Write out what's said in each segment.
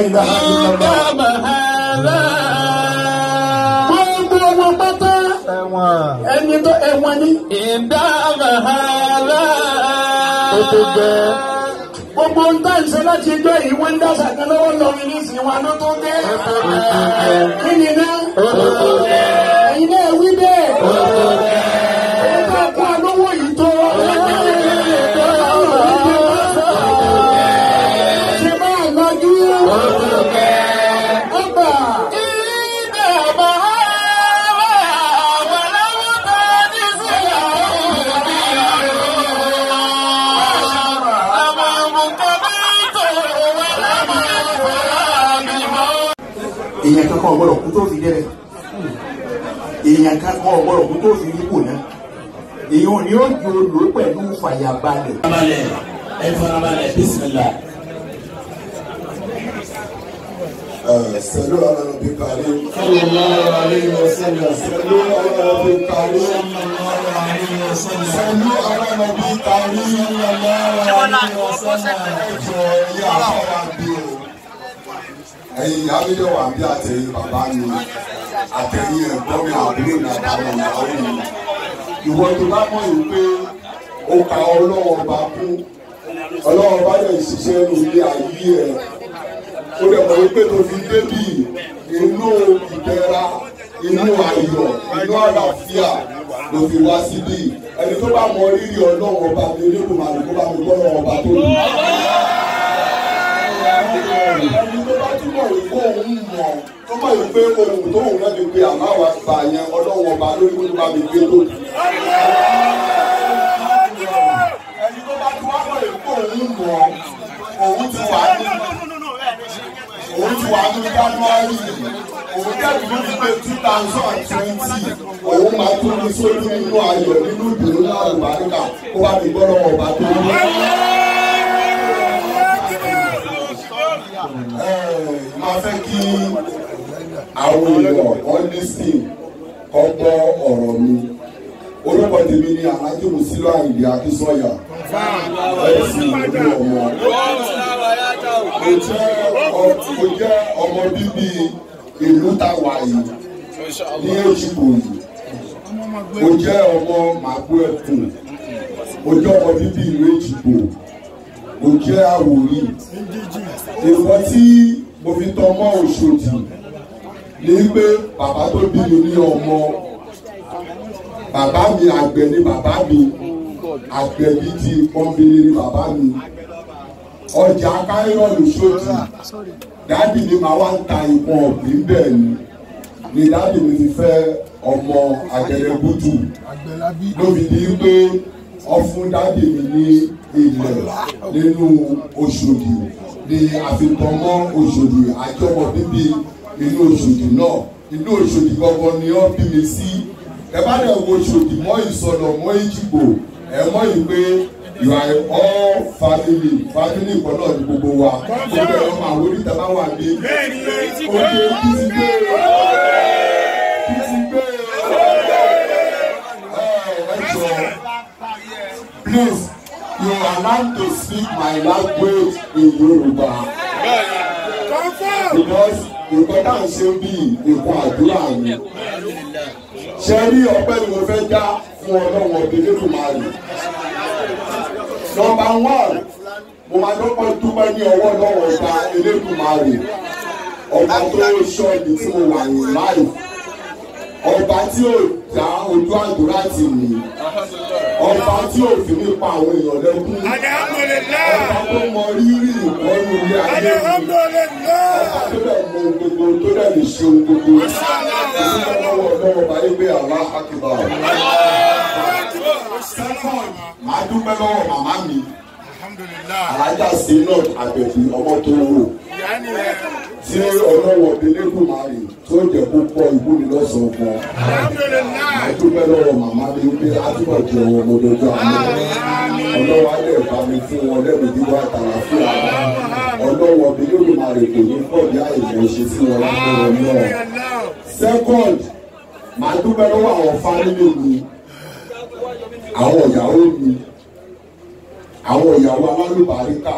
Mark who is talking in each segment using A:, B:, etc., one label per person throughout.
A: ilaha illallah. gbogbo wọn pátá ẹni tó ẹ̀wọ̀n ni. ìdáhàlá. ó tó gbẹ́ gbogbo ń tà ń ṣe láti gbé ìwé ń dàsà kan lọ́wọ́ lọ́rin nísìnyí wa ló tó dé. kí ni náà? ẹ̀yin náà wí bẹ́ẹ̀.
B: ọ̀gbọ́dọ̀ kú tó fi dẹ́rẹ́ èèyàn kan kan ọ̀gbọ́dọ̀ kú tó fi yípo náà èèyàn ni ó di olò pẹ̀lú fàyàbalẹ̀. farabalẹ̀ ẹ farabalẹ̀ bisimilá. sẹ́lú ara rẹ̀ bí kárí. sọlọ́lá ara rẹ̀ yọ sẹ́lá. sẹ́lú ara rẹ̀ bí kárí. sọlọ́lá ara rẹ̀ yọ sẹ́lá. sẹ́lú ara rẹ̀ bí kárí. sọlọ́lá
A: ara rẹ̀ yọ sẹ́lá. ẹ̀jọ̀ ẹ̀yà
B: fara bí o ẹ̀yin ìyábílẹ̀ wà bí àtẹ̀yìn bàbá mi àtẹ̀yìn ẹ̀gbọ́n mi àbúrò mi
A: àtàwọn ìyàwó mi
B: ìwọ tó bá mọ̀ yìí pé ó ka ọlọ́wọ́ bá kú
A: ọlọ́wọ́ bá lè ṣiṣẹ́ lórí ayé ẹ̀ ó dẹ̀ mọ̀ wípé
B: tó fi débì inú ìdẹ̀ra
A: inú ayọ̀
B: inú àlàáfíà ló fi wá síbí ẹni tó bá mọ rírì ọlọ́wọ́ bá mi lẹ́kùn màlúkú bá mi gbọ́ ọlọ́wọ́ bá tó lù tó bá túbọ̀ wí kó òun mọ̀ tó bá yìí pé ohun tó òun náà fi pe àmọ́ àwọn àgbà yẹn ọlọ́wọ́ ọba lórí kó tó bá mi gbé tó. ẹni tó bá tún wá mọ̀ èyí kó òun mọ̀ òun ti wà ní òun ti wà ní January òun dẹ́kun ló ti pé two thousand twenty òun máa tún ní sórí nínú ayọ̀ nínú ìdùnnú láàrú àríkà kó bá mi gbọ́dọ̀ ọba tó ń
A: bọ̀. fẹ́
B: kí àwọn èèyàn kan lísìn kan gbọ́ ọ̀rọ̀ mi orúkọ tèmi ni alájò musílò àyìnbí akínsọyà ẹsìn ìlú ọmọ mo jẹ́ ọmọ bíbí ìlú táwa yìí
A: ní èjìgbò yìí mo jẹ́
B: ọmọ màgbó ẹkùn mo jẹ́ ọmọ bíbí ìlú èjìgbò mo jẹ́ àwòrán ìwọ tí mo fi tan ọmọ Òṣòdì ní pé bàbá tó bí mi ní ọmọ bàbá mi àgbẹ̀ ni bàbá mi àgbẹ̀ mi ti pọ́nbìnrin ni bàbá mi ọjà káyọ̀ lóṣòdì dáàbì ni màá wá ń ta ìpọn ọ̀gbìn bẹ́ẹ̀ ni ni dáàbì mi ti fẹ́ ọmọ àgẹ̀rẹ̀gùtù lóbi ní pé ọ fún mi ní ilẹ̀ nínú Òṣòdì ni àfikàn mọ́ Òṣòdì àjọmọ bíbí inú Òṣòdì náà inú Òṣòdì gangan ni wọ́n bí mi sí ẹ bá dẹ̀ wo Òṣòdì mọ́ Ìsọ̀nà mọ́ Ìjìgbò ẹ mọ̀ yìí pé you are all family family kan náà ni gbogbo wa gbogbo ẹ̀ ọmọ àwọn oníta bá wà ní ojú ojú ti ẹ ẹ jọ please you are allowed to
A: speak my language
B: in Yorùbá. because nǹkan tá à ń ṣe bí nǹkan àdúrà ni. ṣe rí ọpẹ́ ni mo fẹ́ dá fún ọlọ́wọ́ ọ̀dẹ́dẹ́dùn máa rè. nọ́mbà one mo máa dọ́pọ̀ dúpẹ́ ní ọwọ́ lọ́wọ́ ọba Elédùmarè ọba tó ń ṣọ́ ibi tí mo wà ní láì ọba tí ó la ojú àdúrà ti mì í. ọba tí òfin mi pa àwọn èèyàn lẹ́kún. Alhamdulillah. ọba tó mọ rírì ìkọ́nù ilé ayé mi. Alhamdulillah. ọba tó dẹ̀ mọ ohun gbogbo tó dẹ̀ lè ṣe ohun gbogbo. ìṣẹ́ lọ́wọ́ lọ́wọ́ báyé pé àlá àkìbà. a dúpẹ́ lọ́wọ́ màmá mi. Alhamdulillah. alájà sí náà àbẹ̀bí ọmọ tó wò tí ọlọ́wọ̀dé lẹ́gbọ̀mọ̀rì tó jẹ́ kó pọ̀ ìbúni lọ́sàn-án fún ọ. àdúpẹ́ lọ́wọ́ màmá mi wípé àtúbọ̀ jẹ wọn àmọ́ ọlọ́wọ́ á lè bá mi fún wọn lẹ́nu
A: wíwá àtàrà fún wa ọlọ́wọ̀dé lẹ́gbọ̀mọ̀rì
B: kò ní pọ̀ ní àìmọ̀ ṣe sí wọn lábẹ́rẹ́ náà. second màá dúpẹ́ lọ́wọ́ àwọn fámìlì mi àwọn ìyàwó mi àwọn ìyàwó alálùbáríkà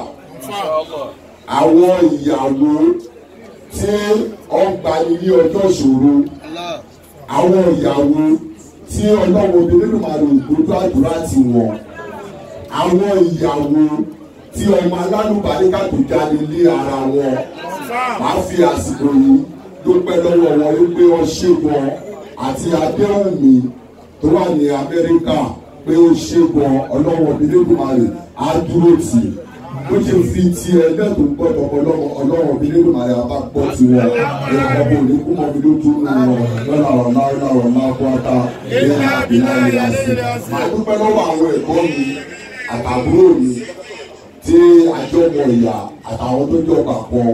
B: àwọn ìyàwó tí ọgbà ilé ọjọ́ ìṣòro àwọn ìyàwó tí ọlọ́wọ́ obìnrin máa lò gbójú àdúrà ti wọ̀n àwọn ìyàwó tí ọmọ alálùbáríkà tó jáde lé ara wọn
A: má fi àsìkò
B: yìí dúpẹ́ lọ́wọ́ wọn wípé ó ṣe wọn àti adéhùnmí tó wà ní Amẹ́ríkà pé ó ṣe wọn ọlọ́wọ́ obìnrin máa lò á dúró tì í bó ṣe fi ti ẹgbẹ́ tó ń gbọ́ tọkọ lọ́wọ́ ọlọ́wọ́ mi nínú màrí apá pọ̀ sí wọn ẹ̀rọ bò ní kú mọ́ mi ló tún ní wọn lọ́la wọn máa lọ́la wọn máa kó ata
A: ní àbílẹ̀ ìyàsí.
B: màá dúpẹ́ lọ́wọ́ àwọn ẹ̀kọ́ mi àtàbúrò mi tí àjọmọ̀ ìyá àtàwọn tó jọ papọ̀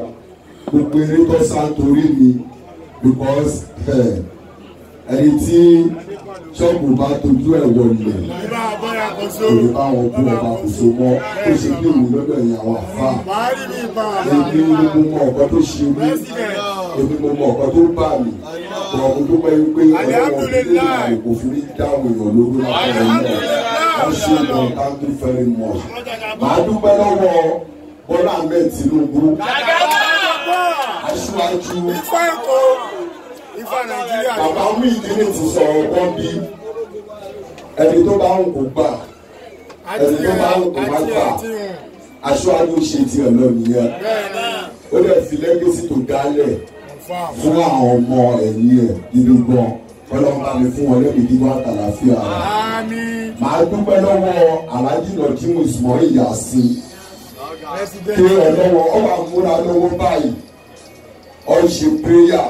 B: gbogbo eré tó sá torí mi because eh, ẹni tí sọ́ọ̀bù bá tójú ẹ̀ wọlé èyí báwọn bú ọba kò so mọ́ ó ṣe bí òun lọ́dọ̀ ìyàwó àfà èmi ni mo mọ ọ̀kan tó ṣe mí èmi mo mọ ọ̀kan tó bà mí ọ̀kan tó pẹ́ pé ọlọ́wọ́ ìlú àìkò fún mi dáhùn èèyàn lápẹ̀rẹ̀ náà wọ́n ṣe mọ káńtó fẹ́rẹ̀ mọ́ màá dúpẹ́ lọ́wọ́ Bọ́lá Ahmed Tinubu aṣáájú
A: bàbá
B: mú ìdílé ti sọ ọgbọ́n bí ẹni tó bá ń kó gbà
A: ẹni tó bá ń kó má gbà
B: aṣáájú ṣe ti ọ̀nà nìyẹn ó lè fi lẹ́gbẹ̀sì tó dálẹ̀ fún àwọn ọmọ ẹ̀yìn ẹ̀ nínú gbọ́n ọlọ́run bá mi fún wọn lẹ́bi kíkọ́ àtàlàfíà màá dúpẹ́ lọ́wọ́ aláàjì lọ́jìmù ìsúmọ́ ìyá sí i pé ọlọ́wọ́ ọ wà múra lọ́wọ́ báyìí ọ ń ṣe péyà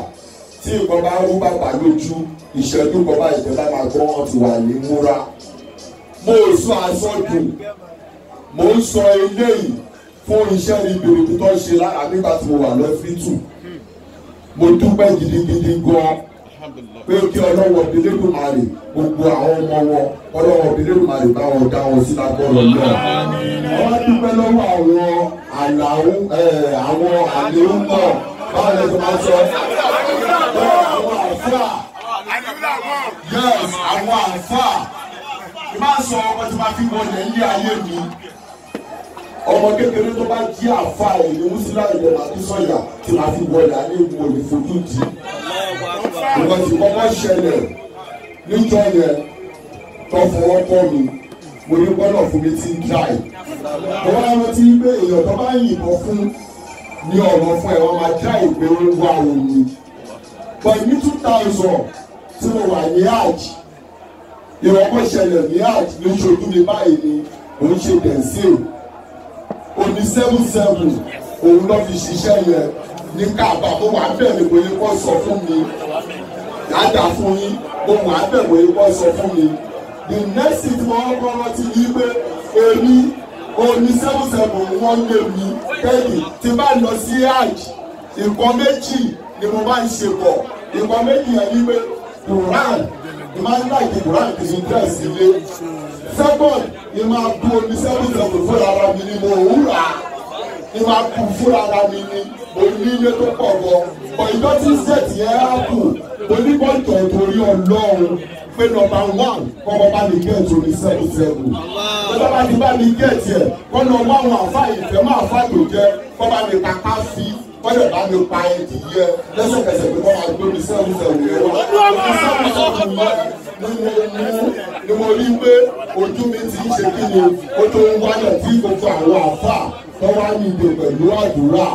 B: tí nǹkan bá rú bàbá lójú ìṣẹ́jú kan ìjọba máa gbọ́ wọn ti wà ní múra mo sọ àsọdù mo ń sọ eléyìí fún iṣẹ́ ribiribi tó ń ṣe lára nígbà tí mo wà lọ́fíìtù mo dúpẹ́ gidigidi gan pé kí ọlọ́wọ́ bílẹ̀dùmarè gbogbo àwọn ọmọ wọn ọlọ́wọ́ bílẹ̀dùmarè bá wọn dá wọn sí lágbọ́rọ̀
A: náà
B: wọ́n dúpẹ́ lọ́wọ́ àwọn àlàó àwọn àléhùn náà báwọn
A: ẹ̀sìn máa sọ yes
B: àwọn àlùfáà ẹ má sọ ọmọ tí ma fi wọlé ilé ayé mi ọmọ kékeré tó bá jí àlùfáà ẹ̀ ní wúsílà ìlẹ̀ làkúsọ̀yà tí ma fi wọlé ayé mi ò lè fojú di
A: ìwọ̀n tí kọ́kọ́ ṣẹlẹ̀
B: níjọ yẹn tó fọwọ́ tọ́ mi mo ní gbọ́dọ̀ fún mi ti ń dáì mo wá rántí pé èèyàn tó bá yìnbọn fún ní ọ̀rọ̀ fún ẹ̀ wọ́n máa dáì pé ó òun ni pẹ̀lú two thousand tí mo wà ní hajj ìwọ̀n kò ṣẹlẹ̀ ní hajj lóṣooṣù mi báyìí ni mò ń ṣe tẹ̀síl òní seven seven òun ló fi ṣiṣẹ́ yẹn ní káàbà mo wà bẹ̀rẹ̀ bóyá kó sọ fún mi dáadáa fún yín mo wà bẹ̀rẹ̀ bóyá kó sọ fún mi the next thing mo kọ́ rántí yí pé èmi òní seven seven wọ́n lé mi kẹ́yìn tí bá lọ sí hajj nǹkan méjì ni mo máa ń ṣe pọ̀ ìpọ̀ méjì yẹn ní pé Quran ni máa ń láìpẹ́ Quran kì í tẹ̀ sí second ni máa bu omi seven seven fúnra ara mi ni mo wúra ni máa bu fúnra ara mi ni mo ní ilé tó pọ̀ gan but ìjọ tí set yẹn á kù mo ní torí Ọlọ́run pé nọ́mbà one kọ́kọ́ bá mi gẹ̀ tó ní seven seven kọ́kọ́ bá mi bá mi gẹ̀ tiẹ̀ kọ́ nọ́mbà one àfa ìfẹ́ máa fa tó jẹ́ kọ́ bá mi kápá sí i wọ́n lè bá mi pa ẹ̀dì yẹ lẹ́sẹ̀kẹsẹ̀ pé wọ́n máa gbé mi sẹ́wọ̀n sẹ́wọ̀n yẹn wá. ni mo rí pé ojú mi ti ń ṣe kí ni ó tó ń wáyọ̀ tí gbogbo àwọn àfà tó wá ní ìdè pẹ̀lú àdúrà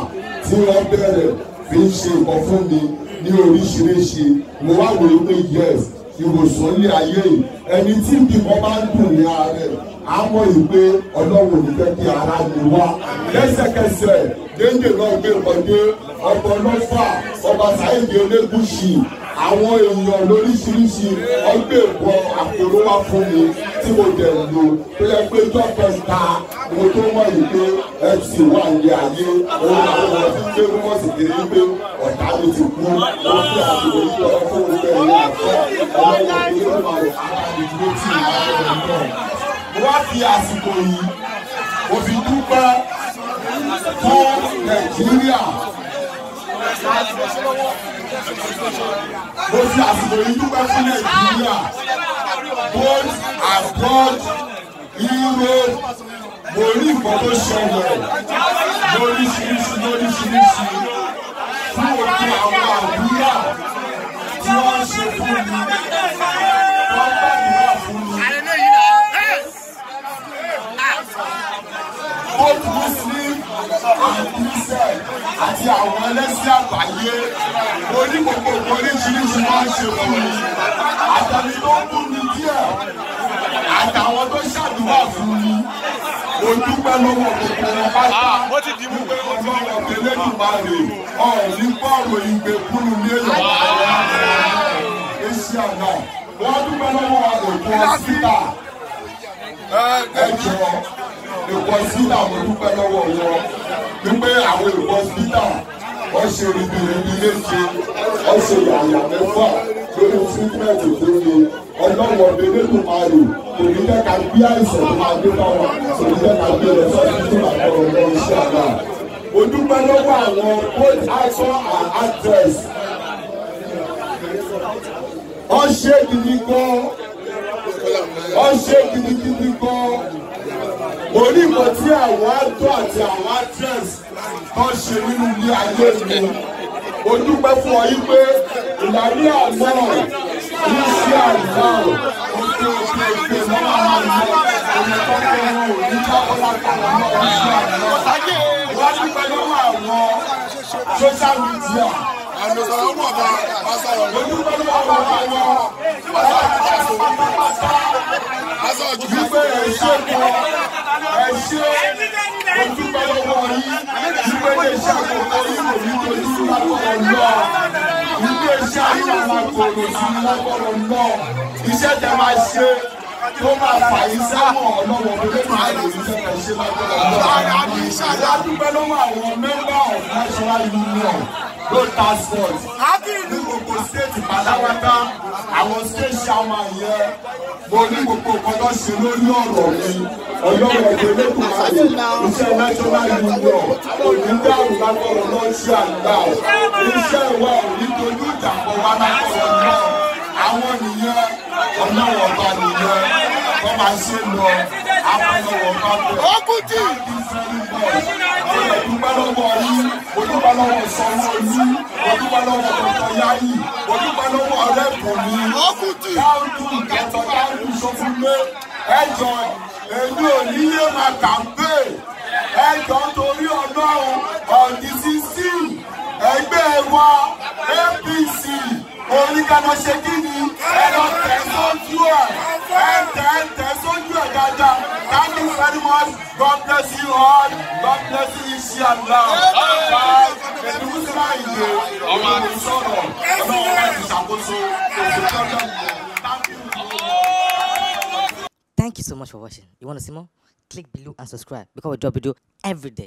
B: tí wọ́n bẹ̀rẹ̀ fi ń ṣe nǹkan fún mi ní oríṣiríṣi mo wá wò ó pé yes ìwòsàn ilé ayé yìí ẹni tí ibi kan bá ń dùn ní ààrẹ àmọ́ ìgbé ọlọ́run ò fẹ́ kí ara mi wá lẹ́sẹ̀kẹsẹ̀ déńdé náà gbé nǹkan dé ọ̀pọ̀ lọ́fà ọba sáyẹ̀dì Elégùṣì àwọn èèyàn lóríṣiríṣi ọgbẹ́ ìbọn àpòrò wá fún mi tí mo dẹ̀ lò tó yẹ pé tọ́pọ̀ ta mo tó mọ̀ yìí pé fc wà ní ayé òun àwọn ọtí gbé mọ́ sí kiri pé ọ̀tá mi ti kú ó fi àbúrò yìí lọ fún mi bẹ́ẹ̀ ní àfẹ́ ọlọ́wọ́ mi ló máa rò àkàlì dúró tì í lábẹ́ ọ̀dọ́. wá fi àsìkò yìí mo dúpẹ́ fún nàìjíríà mo fi àsìkò yìí dúpẹ́ fún nàìjíríà both abroad europe mo rí nǹkan tó ṣẹlẹ̀ lóríṣiríṣi lóríṣiríṣi fún òkè àwọn
A: àdúrà tí wọ́n ṣe fún mi
B: wọ́n àti àwọn ẹlẹ́sìn àgbáyé onígbòkò oríṣiríṣi máa ń ṣe fún mi àtàlí tó ń bú mi díẹ̀ àtàwọn tó ṣàdúrà fún mi mo dúpẹ́ gbogbo wọn pátá ah, dúpẹ́ lọ́wọ́ Elédùmarè ọ̀ọ́nì pọ̀rọ̀ ìgbè kúrú ní èèyàn èsì àná wọ́n dúpẹ́ lọ́wọ́ àgbòkú ọ̀sítà eh, ẹ̀jọ̀ ìwọ sídà mo dúpẹ́ lọ́wọ́ wọn wípé àwọn ìwọ sídà wọ́n ṣe ribiribi léṣe wọ́n ṣe yàyà mẹ́fà lórí tírímẹ́ǹtì tó le ọlọ́wọ́ bèbè tó máa rò kò ní jẹ́ ká àìsàn tó máa gbé bá kò ní jẹ́ ká gbé lọ sọ́ọ́sì máa kọ̀ ọ̀gbọ́n iṣẹ́ àgbà. mo dúpẹ́ lọ́wọ́ àwọn both actor and actress wọ́n ṣe gidi gan wọ́n ṣe gidigidi gan onímọ̀ tí àwọn àtọ́ àti àwọn actress kan ṣe nínú ilé ayé mi ojúpẹ́ fún ọ yí pé ìlànà àná ní sí àná
A: òkè òkè òkè lọ́wọ́ àwọn àná ọmọ tó ń bẹ wọn ò ní káwọ́ látara náà ní sí
B: àná wọ́n dúpẹ́ lọ́wọ́ àwọn social media dúpẹ́ ẹ ṣé kọ iṣẹ́ ayé máa ṣe tó máa fà yín sáwọn ọlọ́wọ́ tó máa lè rí sẹ́kẹ̀ ṣe lágbára ọlọ́wọ́ àdúgbẹ́ lọ́wọ́ àwọn mẹ́mbà ọ̀fẹ́ ṣọlá ìlú náà road task force ákí ìlú gbogbo state pátápátá àwọn state chairman yẹn mo ní gbogbo kọjọ ṣe lórí ọ̀rọ̀ mi ọlọ́rọ̀ ẹgbẹ́ lẹkùn àyè iṣẹ́ national union onídé àrùbákọrọ náà ṣe àgbà ọ iṣẹ́ ìwà òní tojú ìjàpọ̀ wa lákọ̀ọ́ náà àwọn nìyẹn ọlọ́rọ̀ ọba nìyẹn wọ́n máa ṣe lọ àwọn ọlọ́rọ̀ ọba bẹ̀rẹ̀. ó kú jù ọ̀dùnkúbá lọ́wọ́ yín ọ̀dùnkúbá lọ́wọ́ sọ́wọ́ yín ọ̀dùnkúbá lọ́wọ́ ọ̀dọ̀ yá yín ọ̀dùnkúbá lọ́wọ́ ọ̀rẹ́ kò ẹjọ èmi ò ní yé máa kàmpé ẹjọ torí ọlọ́run ọ̀dí sísè. sí àdúrà ọ̀gá pẹ̀lú sáàyè ọmọ àti
A: sọ̀rọ̀ ọmọ ọmọ àti ṣàkóso oṣù tọ́jọ́ yìí. Thank you so much for watching. You want to see more? Click below and subscribe because we drop video every day.